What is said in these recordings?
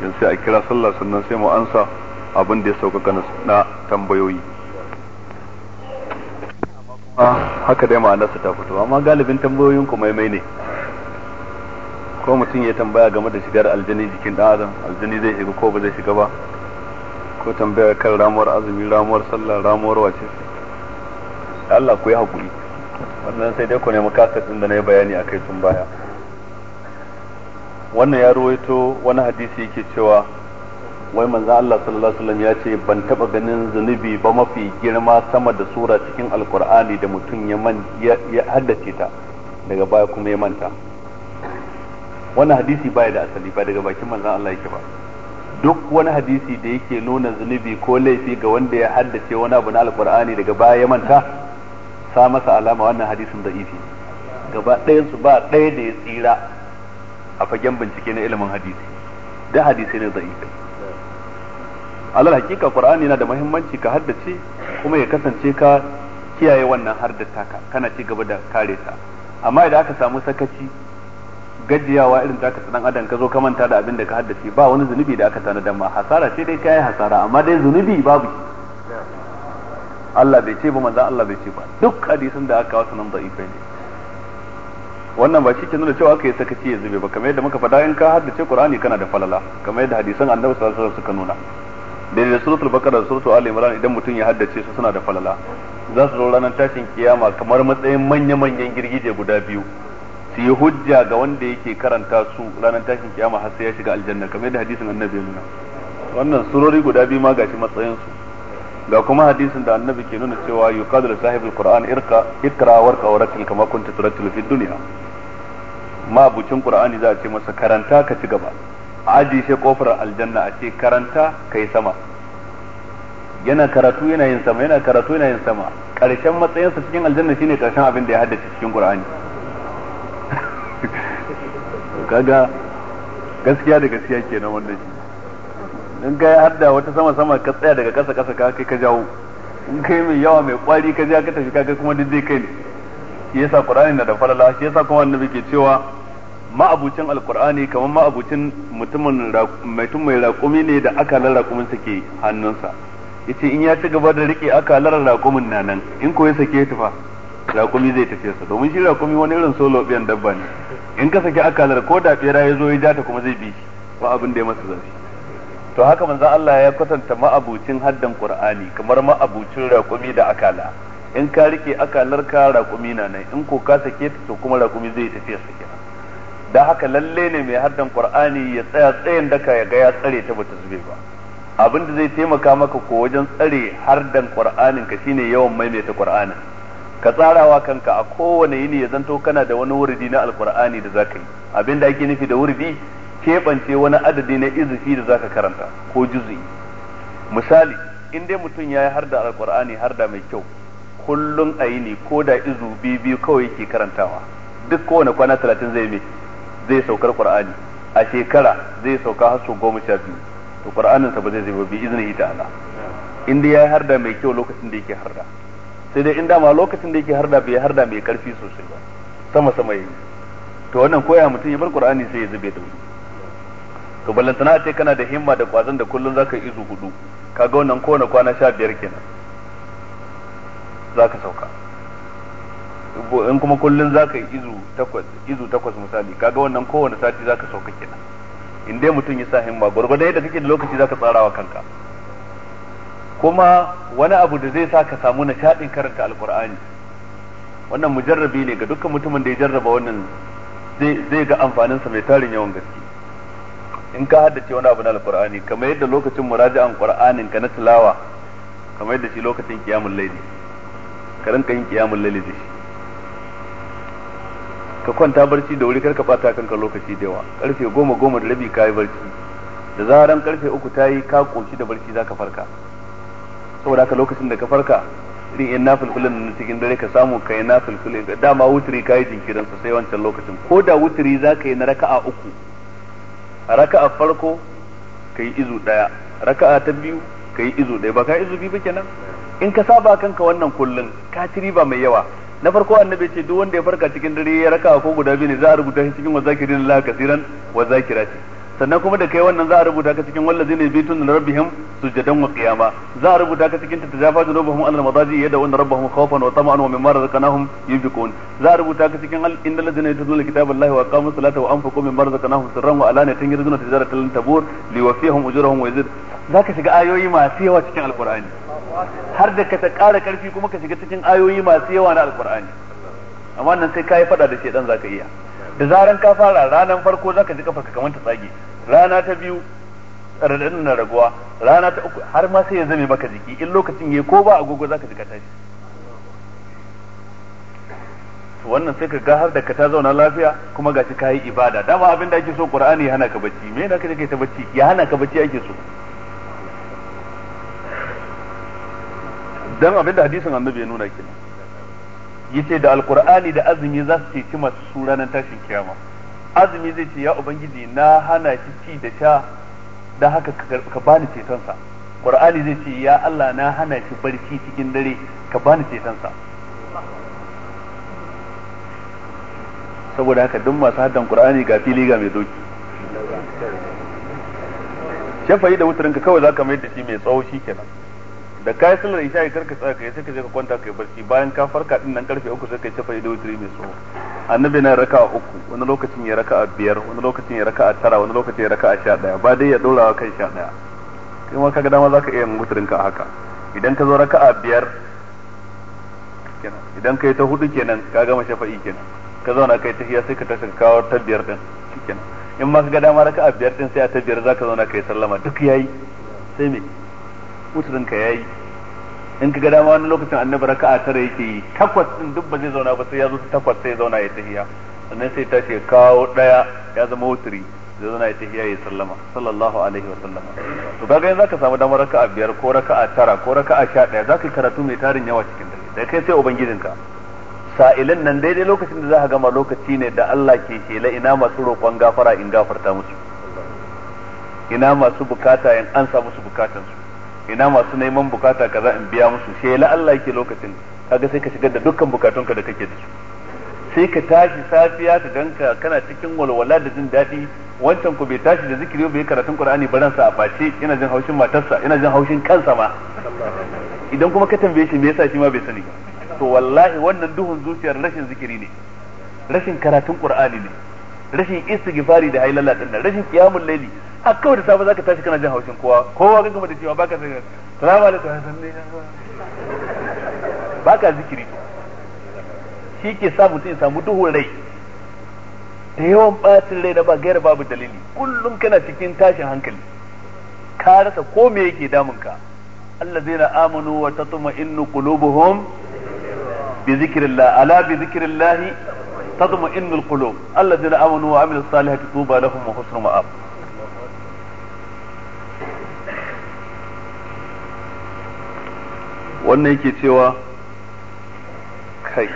yin sai a kira sallah sannan sai mu ansa abin da ya sauƙaƙa na tambayoyi haka dai su ta fito amma galibin tambayoyin ku maimai ne ko mutum ya tambaya game da shigar aljani jikin ɗan adam aljani zai shiga ko ba zai shiga ba ko tambaya kan ramuwar azumi ramuwar sallah ramuwar wace Allah ku yi haƙuri wannan sai dai ku nemi kasar ɗin da na yi bayani a kai tun baya wannan ya ruwaito wani hadisi yake cewa wai manzo Allah sallallahu alaihi wasallam ya ce ban taba ganin zunubi ba mafi girma sama da sura cikin alkur'ani da mutum ya man ya haddace ta daga baya kuma ya manta wannan hadisi baya da asali ba daga bakin manzo Allah yake ba duk wani hadisi da yake nuna zunubi ko laifi ga wanda ya haddace wani abu na alkur'ani daga baya ya manta sa masa alama wannan hadisin ifi gaba ɗayan su ba ɗaya da ya tsira a fagen bincike na ilimin hadisi da hadisi ne za'i. yi alal hakika qur'ani yana da muhimmanci ka haddace kuma ya kasance ka kiyaye wannan haddata ka kana ci gaba da kare ta amma idan aka samu sakaci gajiyawa irin taka tsadan adam ka zo ka manta da abin da ka haddace ba wani zunubi da aka da ma hasara sai dai kai hasara amma dai zunubi babu Allah bai ce ba manzon Allah bai ce ba duk hadisin da aka wasu nan da'ifai ne wannan ba shi ke nuna cewa aka yi sakaci ya zube ba kamar yadda muka faɗa in ka haddace Qur'ani kana da falala kamar yadda hadisan Annabi sallallahu alaihi wasallam suka nuna daidai suratul baqara da suratul ali imran idan mutum ya haddace su suna da falala za su zo ranar tashin kiyama kamar matsayin manya-manyan girgije guda biyu su yi hujja ga wanda yake karanta su ranar tashin kiyama har sai ya shiga aljanna kamar yadda hadisin annabi nuna wannan surori guda biyu ma gashi matsayin su ga kuma hadisin da annabi ke nuna cewa yuqalu da sahibul qur'an irka ikra warqa warakil kama kunta turattilu fid dunya ma bucin qur'ani za a ce masa karanta ka ci gaba aji sai kofar aljanna a ce karanta kai sama yana karatu yana yin sama yana karatu yana yin sama karshen matsayinsa cikin aljanna shine karshen abin da ya haddace cikin qur'ani kaga gaskiya da gaskiya kenan wannan shi in ka yi hadda wata sama sama ka tsaya daga kasa-kasa ka kai ka jawo in kai mai yawa mai kwari ka ja ka tafi ka kai kuma duk kai ne shi yasa qur'ani na da falala shi yasa kuma annabi ke cewa ma'abucin alqur'ani kamar ma'abucin mutumin mai tun mai raƙumi ne da akalar raƙumin ke hannunsa yace in ya ci gaba da rike akalar raƙumin na nan in ko ya sake tufa raƙumi zai tafi sa domin shi raƙumi wani irin solo biyan dabba ne in ka sake akalar ko da bera ya zo ya ja ta kuma zai bi ba abin da ya masa zafi to haka manzon Allah ya kwatanta ma'abucin haddan Qur'ani kamar ma'abucin raƙumi da akala in ka rike akalar ka raƙumi na nan in ko ka sake ta to kuma raƙumi zai tafi sa kenan da haka lalle ne mai haddan Qur'ani ya tsaya tsayin daka ya ga ya tsare ta bata zube ba abin da zai taimaka maka ko wajen tsare hardan Qur'anin ka shine yawan maimaita Qur'anin ka tsarawa kanka a kowane yini ya zanto kana da wani wuridi na alkur'ani da zaka yi abin da ake nufi da wuridi keɓance wani adadi na izifi da zaka karanta ko juzu'i misali in dai mutum ya yi har da alkur'ani har da mai kyau kullum a yi ne ko da izu biyu kawai yake karantawa duk kowane kwana talatin zai mai zai saukar qur'ani a shekara zai sauka har sau goma sha biyu to sa ba zai zai bi ita ala in dai ya yi harda mai kyau lokacin da yake harda sai dai in dama lokacin da yake harda bai harda mai karfi sosai ba sama sama yi to wannan koya mutum ya bar qur'ani sai ya zube da wuri to ballantana a ce kana da himma da kwazon da kullum zaka izu hudu kaga wannan kowane kwana sha biyar kenan zaka sauka in kuma kullum zaka izu takwas izu takwas misali kaga wannan kowane sati zaka sauka kenan in dai mutum ya sa himma gurgurda yadda kake da lokaci zaka tsarawa kanka kuma wani abu da zai sa ka samu nishaɗin karanta alkur'ani wannan mujarrabi ne ga dukkan mutumin da ya jarraba wannan zai ga amfaninsa mai tarin yawan gaske in ka haddace wani abu na alkur'ani kamar yadda lokacin muraji'an qur'anin ka na tilawa kamar yadda shi lokacin kiyamul laili ka rinka yin qiyamul layli da shi ka kwanta barci da wuri karka bata kanka lokaci da yawa karfe goma goma da rabi kayi barci da zaran karfe uku ta yi ka koshi da barci zaka farka saboda haka lokacin da ka farka irin yan nafilfilin na cikin dare ka samu ka yi nafilfilin dama wutiri kayi jinkirin sa sai wancan lokacin ko da wutiri zaka yi na raka'a uku raka'a farko kai izu daya raka'a ta biyu kai izu daya ba ka izu biyu ba kenan in ka saba kanka wannan kullun ka ci riba mai yawa na farko annabi ce duk wanda ya farka cikin dare ya raka'a ko guda biyu ne za a rubuta shi cikin wazakirin la kasiran wazakirati sannan kuma da kai wannan za a rubuta ka cikin wallazi ne bi da rabbihim sujadan wa qiyama za a rubuta ka cikin tatajafa junubuhum an al-madaji yada wa rabbuhum khawfan wa tama'an wa mimma razaqnahum yunfiqun za a rubuta ka cikin innal ladzina yatluna kitaballahi wa aqamus salata wa anfaqu mimma razaqnahum sirran wa alanatan yarjuna tijaratan lan tabur liwafihim ujurahum wa yazid ka shiga ayoyi masu yawa cikin alqur'ani har da ka ta ƙara karfi kuma ka shiga cikin ayoyi masu yawa na alqur'ani amma nan sai kai fada da shedan zaka iya da zaran ka fara ranar farko zaka ji kafarka kamar ta tsage rana ta biyu radadin na raguwa rana ta uku har ma sai ya zame maka jiki in lokacin yayi ko ba agogo zaka ji ka tashi to wannan sai ka ga har da ka ta zauna lafiya kuma gashi ka yi ibada dama abin da ake so qur'ani ya hana ka bacci me yana kake ta bacci ya hana ka bacci ake so dan abin da hadisin annabi ya nuna kenan yace da alqur'ani da azumi za su ceci masu su ranar tashin kiyama azumi zai ce ya ubangiji na hana shi ci da sha da haka ka bani cetonsa qur'ani zai ce ya Allah na hana shi barci cikin dare ka bani cetonsa saboda haka duk masu haddan qur'ani ga fili ga mai doki shafayi da wuturinka kawai za ka mai da shi mai tsawo shi da ka yi sallar isha kar ka tsaya kai sai ka je ka kwanta kai barci bayan ka farka din nan karfe uku sai yi ta ido witri mai so annabi na raka uku wani lokacin ya raka biyar wani lokacin ya raka tara wani lokacin ya raka sha daya ba dai ya wa kan sha daya kai ma kaga dama zaka iya yin ka haka idan ka zo a biyar kenan idan yi ta hudu kenan ka gama shafa'i kenan ka zauna kai ta hiya sai ka tashi kawo ta biyar din kenan in ma kaga dama a biyar din sai a ta biyar zaka zauna kai sallama duk yayi sai me uturin ka yayi in ka ga dama wani lokacin annabi raka'a tara yake yi takwas din duk ba zai zauna ba sai ya zo takwas sai ya zauna ya tahiya sannan sai tashi ya kawo daya ya zama wuturi zai zauna ya tahiya ya sallama sallallahu alaihi wa sallama to kaga yanzu zaka samu damar raka'a biyar ko raka'a tara ko raka'a sha daya zaka yi karatu mai tarin yawa cikin dare da kai sai ubangijinka sa'ilin nan daidai lokacin da za ka gama lokaci ne da Allah ke shela ina masu roƙon gafara in gafarta musu ina masu bukata in ansa musu bukatansu ina masu neman bukata kaza in biya musu sai la Allah yake lokacin kaga sai ka shigar da dukkan bukatunka da kake da su sai ka tashi safiya ta ganka kana cikin walwala da jin daɗi wancan ku bai tashi da zikiri bai karatun Qur'ani ba ransa a face yana jin haushin matarsa yana jin haushin kansa ma idan kuma ka tambaye shi me yasa shi ma bai sani to wallahi wannan duhun zuciyar rashin zikiri ne rashin karatun Qur'ani ne rashin istighfari da hailalla din rashin qiyamul layli a kawai da safe zaka tashi kana jin haushin kowa kowa ga gama da cewa baka zikiri salamu alaikum hasan ne baka zikiri shi ke sa mutum ya samu duhun rai da yawan bacin rai na ba gaira babu dalili kullum kana cikin tashin hankali ka rasa ko me yake damun ka na amanu wa inu qulubuhum bi zikrillah ala bi kulub Allah zai na amanu wa amilus salihati tuba lahum wa husnu ma'ab wannan yake cewa kai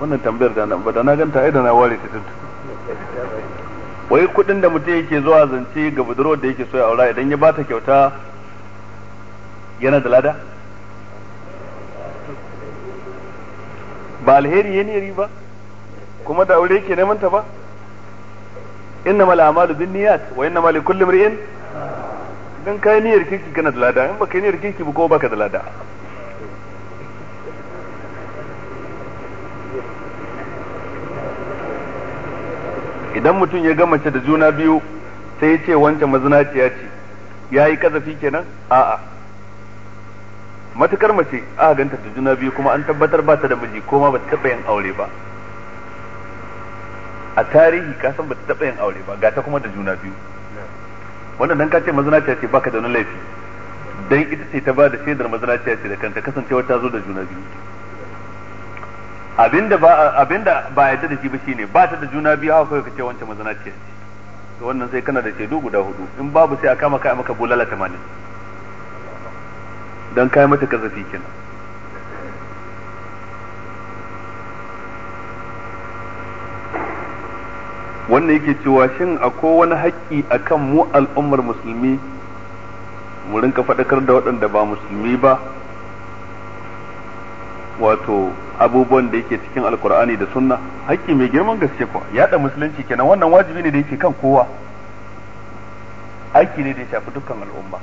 wannan tambayar da na da na ganta ai da na ware ta tuntu wai kudin da mutum yake zuwa zance ga budurwar da yake so ya aura idan ya bata kyauta yana da lada ba alheri ya ne ba kuma da aure yake neman ta ba mala a'malu niyat wa innamal likulli imrin dan kai niyyar kirki kana da lada in baka niyar niyyar kirki ba ko baka da lada idan mutum ya ga mace da juna biyu sai ya ce wancan mazinaciya ce ya yi kazafi kenan a'a matukar mace a ganta da juna biyu kuma an tabbatar ba ta da miji ko ma ba ta taɓa yin aure ba a tarihi ka san ba ta taɓa yin aure ba ga ta kuma da juna biyu wannan dan ka ce mazinaciya ce baka da wani laifi dan ita ce ta ba da shaidar mazinaciya ce da kanta kasancewa ta zo da juna biyu abinda ba abinda ba yadda da shi ba shine ba ta da juna biyu haka kai kace wancan mazana ce to wannan sai kana da shaidu guda hudu in babu sai a kama kai maka bulala ta mani dan kai mata kazafi kenan wannan yake cewa shin akwai wani haƙƙi akan mu al'ummar musulmi mu rinka faɗakar da waɗanda ba musulmi ba wato abubuwan da yake cikin alkur'ani da sunna haƙƙi mai girman gaske kuwa yaɗa musulunci kenan wannan wajibi ne da yake kan kowa aiki ne da ya shafi dukkan al'umma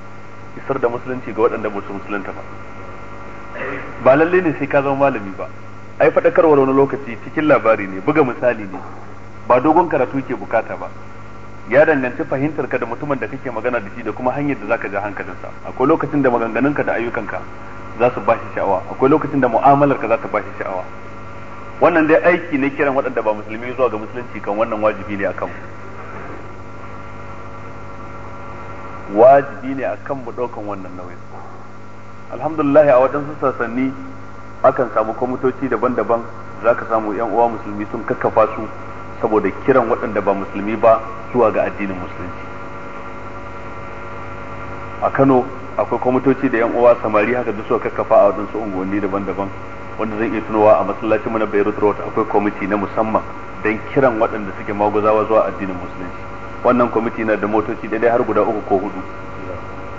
isar da musulunci ga waɗanda ba su musulunta ba ba lalle ne sai ka zama malami ba ai faɗakarwar wani lokaci cikin labari ne buga misali ne ba dogon karatu ke bukata ba ya danganci fahimtar ka da mutumin da kake magana da shi da kuma hanyar da za zaka ja hankalinsa akwai lokacin da maganganunka da ayyukanka za su shi sha'awa akwai lokacin da mu'amalar ka za ta bashi sha'awa wannan dai aiki ne kiran waɗanda ba musulmi zuwa ga musulunci kan wannan wajibi ne akan wajibi ne akan mu ɗaukan wannan nauyin alhamdulillah a su sassanni akan samu kwamitoci daban-daban za ka samu yan uwa musulmi sun kakkafa su saboda kiran waɗanda ba musulmi ba zuwa ga addinin musulunci a kano akwai kwamitoci da yan uwa samari haka duk suka kakkafa a wadansu unguwanni daban-daban wanda zan iya tunowa a masallacin mu na Beirut Road akwai kwamiti na musamman dan kiran waɗanda suke maguzawa zuwa addinin musulunci wannan kwamiti na da motoci daidai har guda uku ko hudu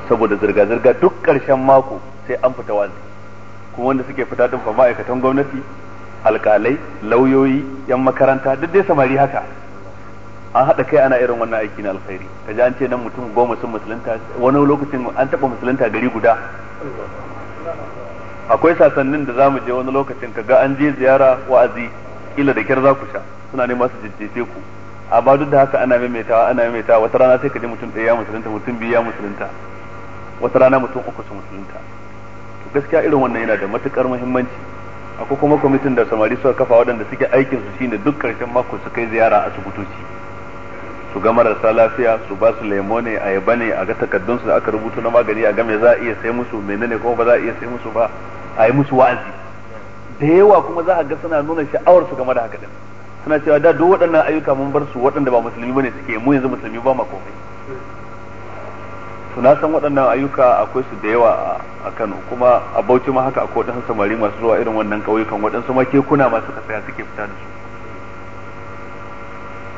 saboda zirga-zirga duk ƙarshen mako sai an fita wazi kuma wanda suke fita din fa ma'aikatan gwamnati alƙalai lauyoyi yan makaranta duk dai samari haka an haɗa kai ana irin wannan aiki na alkhairi ka ji an ce nan mutum goma sun musulunta wani lokacin an taɓa musulunta gari guda akwai sasannin da za mu je wani lokacin ka ga an je ziyara wa'azi ila da kyar za ku sha suna neman su jijjice ku amma duk da haka ana maimaitawa ana maimaitawa wata rana sai ka ji mutum ɗaya ya musulunta mutum biyu ya musulunta wata rana mutum uku su musulunta to gaskiya irin wannan yana da matukar muhimmanci akwai kuma kwamitin da samari suka kafa waɗanda suke aikin su shine duk ƙarshen mako su kai ziyara asibitoci su ga marasa lafiya su ba su lemo ne ayaba ne a ga takaddun su da aka rubuta na magani a ga me za a iya sai musu menene kuma ba za a iya sai musu ba a yi musu wa'azi da yawa kuma za a ga suna nuna sha'awar su game da haka din suna cewa da duk waɗannan ayyuka mun bar su waɗanda ba musulmi bane suke mu yanzu musulmi ba ma komai suna san waɗannan ayyuka akwai su da yawa a Kano kuma a Bauchi ma haka akwai waɗansu samari masu zuwa irin wannan ƙauyukan waɗansu ma kekuna masu kasaya suke fita da su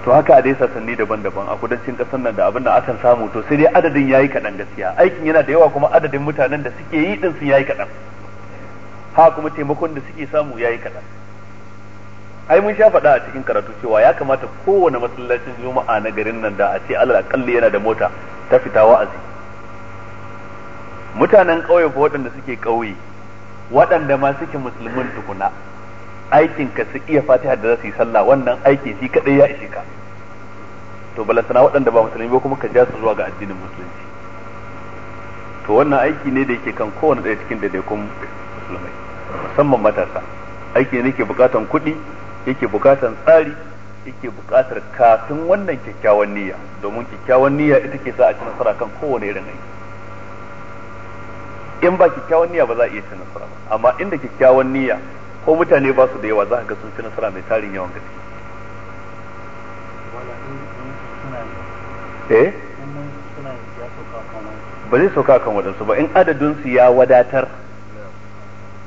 to haka a dai sassanni daban-daban a kudancin ƙasar nan da abin da akan samu to sai dai adadin yayi kaɗan gaskiya aikin yana da yawa kuma adadin mutanen da suke yi din sun yayi kaɗan ha kuma taimakon da suke samu yayi kaɗan ai mun sha faɗa a cikin karatu cewa ya kamata kowane masallacin juma'a na garin nan da a ce alal akalli yana da mota ta fita wa'azi mutanen ƙauye ko waɗanda suke ƙauye waɗanda ma suke musulmin tukuna aikin ka su iya fatiha da za su yi sallah wannan aiki shi kadai ya ishe ka to balantana waɗanda ba musulmi ba kuma ka ja su zuwa ga addinin musulunci to wannan aiki ne da yake kan kowane ɗaya cikin daikun musulmai musamman matasa aiki ne ke bukatan kuɗi yake bukatan tsari yake bukatar kafin wannan kyakkyawan niyya domin kyakkyawan niyya ita ke sa a ci nasara kan kowane irin aiki in ba kyakkyawan niyya ba za a iya ci nasara ba amma inda kyakkyawan niyya ko mutane ba su da yawa za a ga sun fi nasara mai tarin yawan gaske eh ba zai sauka kan waɗansu ba in adadin su ya wadatar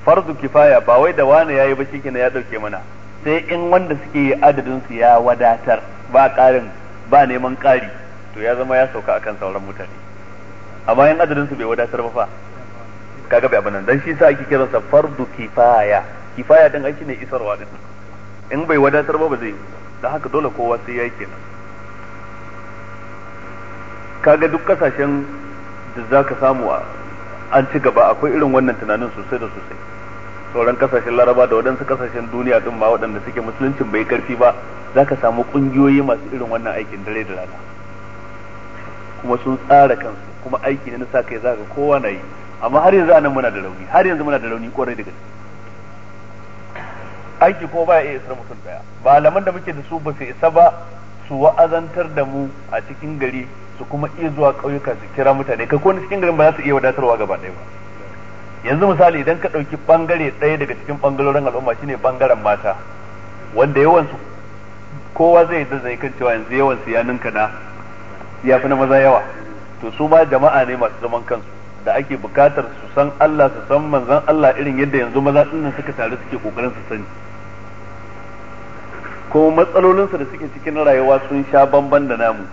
farzu kifaya ba wai da wani yayi ba shi ya dauke mana sai in wanda suke yi adadin su ya wadatar ba ƙarin ba neman ƙari to ya zama ya sauka akan sauran mutane amma in adadin su bai wadatar ba fa kaga bai abin nan dan shi sa ake kiransa farzu kifaya kifaya din aiki ne isarwa din in bai wadatar ba ba zai da haka dole kowa sai ya kenan kaga duk kasashen da za ka samu an ci gaba akwai irin wannan tunanin sosai da sosai sauran kasashen laraba da waɗansu kasashen duniya din ma waɗanda suke musuluncin bai karfi ba za ka samu ƙungiyoyi masu irin wannan aikin dare da rana kuma sun tsara kansu kuma aiki ne na sa kai za ka kowa na yi amma har yanzu anan muna da rauni har yanzu muna da rauni kwarai da gaske aiki ko ba iya isar mutum daya laman da muke da su ba su isa ba su wa'azantar da mu a cikin gari su kuma iya zuwa ƙauyuka su kira mutane kai ko cikin garin ba za su iya wadatarwa gaba ɗaya ba yanzu misali idan ka ɗauki ɓangare ɗaya daga cikin ɓangarorin al'umma shine ɓangaren mata wanda yawansu kowa zai da zai kan cewa yanzu yawansu ya ninka na ya fi na maza yawa to su ma jama'a ne masu zaman kansu da ake bukatar su san Allah su san manzan Allah irin yadda yanzu maza dinnan suka taru suke kokarin su sani kuma matsalolinsa da suke cikin rayuwa sun sha bamban da namu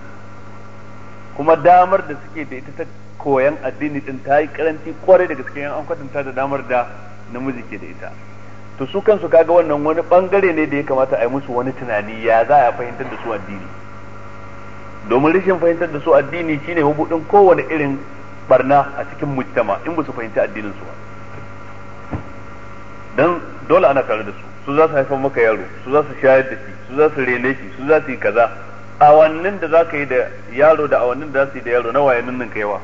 kuma damar da suke da ita ta koyan addini din ta yi karanci kwarai daga cikin an kwatanta da damar da namiji ke da ita to su kansu kaga wannan wani bangare ne da ya kamata a yi musu wani tunani ya za a fahimtar da su addini domin rashin fahimtar da su addini shine mabudin kowane irin barna a cikin mujtama in ba su fahimci addinin su ba dan dole ana tare da su su za su haifar maka yaro su za su shayar da shi su za su rene shi su za su yi kaza awannin da za ka yi da yaro da awannin da za su yi da yaro na waye nan ka yawa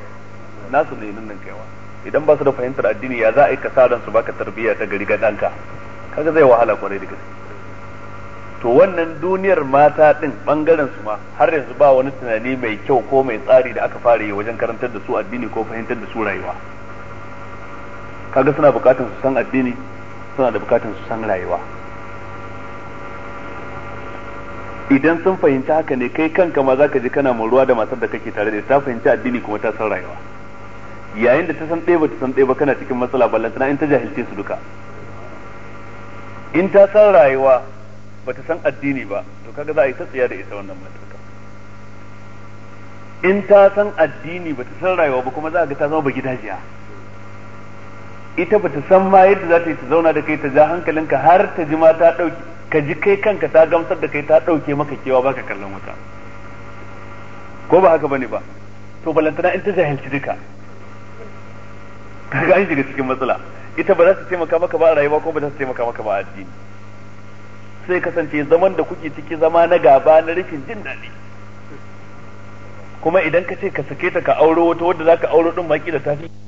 nasu ne nan ka yawa idan ba su da fahimtar addini ya za a yi ka sa su baka tarbiyya ta gari ga danka kaga zai wahala kwarai da gaske to wannan duniyar mata din bangaren su ma har yanzu ba wani tunani mai kyau ko mai tsari da aka fara yi wajen karantar da su addini ko fahimtar da su rayuwa kaga suna bukatar su san addini suna da bukatun su san rayuwa idan sun fahimci haka ne kai kanka ma zaka ji kana ruwa da matar da kake tare da ta fahimci addini kuma ta san rayuwa yayin da ta san ɗaya ba ta san ɗaya ba kana cikin matsala ballantana in ta jahilce su duka in ta san rayuwa ba ta san addini ba to kaga za a yi ta tsiya da ita wannan matar in ta san addini ba ta san rayuwa ba kuma za a ga ta zama ba gidajiya ita ba ta san ma yadda za ta yi ta zauna da kai ta ja hankalinka har ta ji ma ta ɗauke ka ji kai kanka ta gamsar da kai ta ɗauke maka kewa baka kallon wuta ko ba haka bane ba to balantana in ta jahilci duka kaga an shiga cikin matsala ita ba za ta taimaka maka ba a rayuwa ko ba za ta taimaka maka ba a addini sai kasance zaman da kuke ciki zama na gaba na rashin jin daɗi kuma idan ka ce ka sake ta ka auro wata wadda za ka auro ɗin maki da tafi